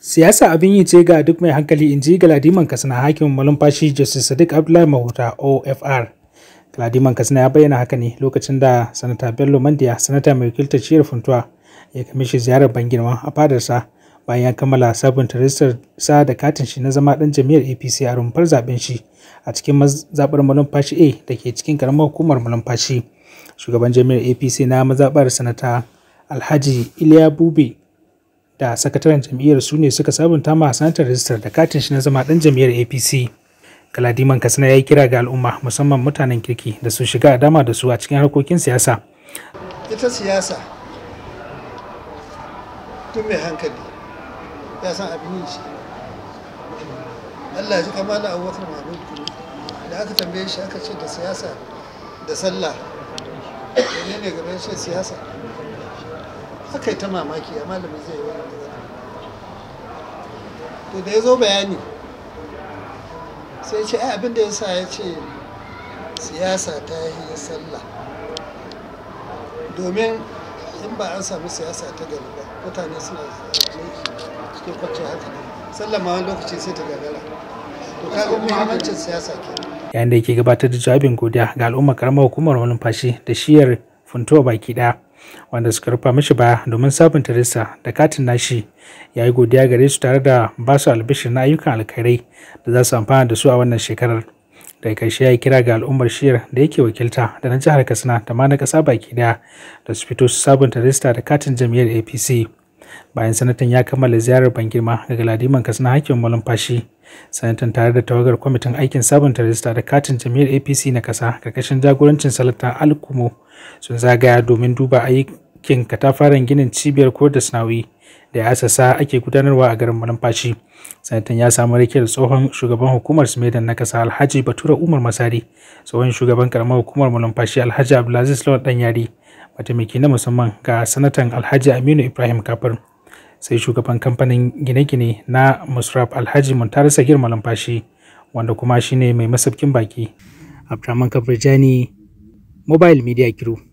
Siyasa abin yi ce ga duk mai hankali in ji Galadiman Katsina hakimin malumfashi Justice Sadiq Abdullahi Mahuta OFR. Galadiman Katsina ya bayyana haka ne lokacin da Sanata Bello Mandiya, Sanata mai wakiltar Ciyar Funtuwa, ya shi ziyarar bangirma a fadarsa bayan ya kammala sabunta rajistar sa da katin shi na zama dan jami'ar APC a rumfar zaben shi a cikin mazabar malumfashi A da ke cikin karamar hukumar malumfashi. Shugaban jami'ar APC na mazabar Sanata Alhaji Iliya Bube da sakataren jam'iyyar su ne suka sabunta ma santar rajistar da katin shi na zama dan jam'iyyar apc galadiman katsina ya yi kira ga al'umma musamman mutanen kirki da su shiga dama da su a cikin harkokin siyasa ita siyasa tun mai hankali ya san abin yin shi allah ji kama na abubakar mahmud kuma da aka tambaye shi aka ce da siyasa da sallah ne ne gaban shi siyasa aka yi ta mamaki a malami zai yi wani to da ya zo bayani sai ce ai abin da ya sa ya ce siyasa ta yi sallah domin in ba an samu siyasa ta gani ba mutane suna cikin kwanciyar haka sallah ma wani lokaci sai ta gagara to kaga muhimmancin siyasa ke. yayin da yake gabatar da jawabin godiya ga al'ummar karamar hukumar numfashi da shiyar funtuwa baki daya wanda suka rufa mishi baya domin sabunta rissa da katin nashi ya yi godiya gare su tare da ba su albishir na ayyukan alkhairai da za su amfana da su a wannan shekarar kai shi ya yi kira ga al'ummar shiyar da yake wakilta da na jihar katsina da ma na ƙasa baki daya da su fito su sabunta rista da katin jam'iyyar apc bayan sanatan ya kammala ziyarar ban girma ga galadiman hakkin hakimin Fashi sanatan tare da tawagar kwamitin aikin sabunta rajista da katin jami'ar apc na kasa karkashin jagorancin salatan alkumo sun zagaya domin duba aikin katafaren ginin cibiyar koyar da sana'o'i da ya asasa ake gudanarwa a garin Fashi sanatan ya samu rikiyar tsohon shugaban hukumar sumedan na kasa alhaji batura umar masari tsohon shugaban karamar hukumar Fashi alhaji abdulaziz lawan danyari mataimaki na musamman ga sanatan alhaji aminu ibrahim kafir sai shugaban kamfanin gine-gine na musraf alhaji muntari girma lamfashi wanda kuma shine mai masabkin baki abdulrahman kabirjani mobile media crew